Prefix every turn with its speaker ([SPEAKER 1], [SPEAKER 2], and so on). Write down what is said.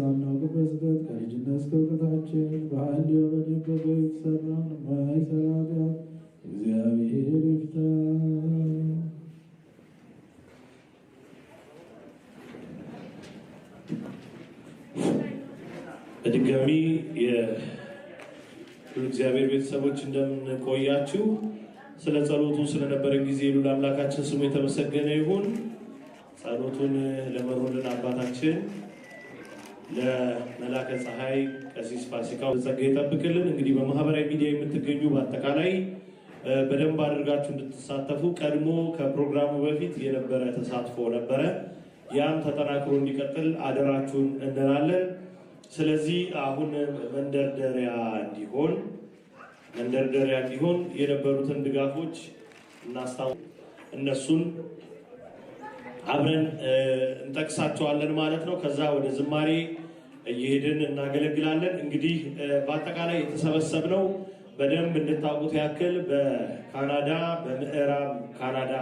[SPEAKER 1] ሳናውቅ በስህተት ከልጅነት እስከ እውቀታችን በኃይል የበደን በገይ ሰራን ማይ እግዚአብሔር ይፍታ። በድጋሚ እግዚአብሔር ቤተሰቦች እንደምንቆያችሁ ስለ ጸሎቱ ስለነበረን ጊዜ ሉል አምላካችን ስሙ የተመሰገነ ይሁን። ጸሎቱን ለመሩልን አባታችን ለመላከ ፀሐይ ቀሲስ ፋሲካው ጸጋ ይጠብቅልን። እንግዲህ በማህበራዊ ሚዲያ የምትገኙ በአጠቃላይ በደንብ አድርጋችሁ እንድትሳተፉ ቀድሞ ከፕሮግራሙ በፊት የነበረ ተሳትፎ ነበረ። ያም ተጠናክሮ እንዲቀጥል አደራችሁን እንላለን። ስለዚህ አሁን መንደርደሪያ እንዲሆን መንደርደሪያ እንዲሆን የነበሩትን ድጋፎች እናስታ እነሱን አብረን እንጠቅሳቸዋለን ማለት ነው። ከዛ ወደ ዝማሬ እየሄድን እናገለግላለን። እንግዲህ በአጠቃላይ የተሰበሰብነው በደንብ እንድታውቁት ያክል በካናዳ በምዕራብ ካናዳ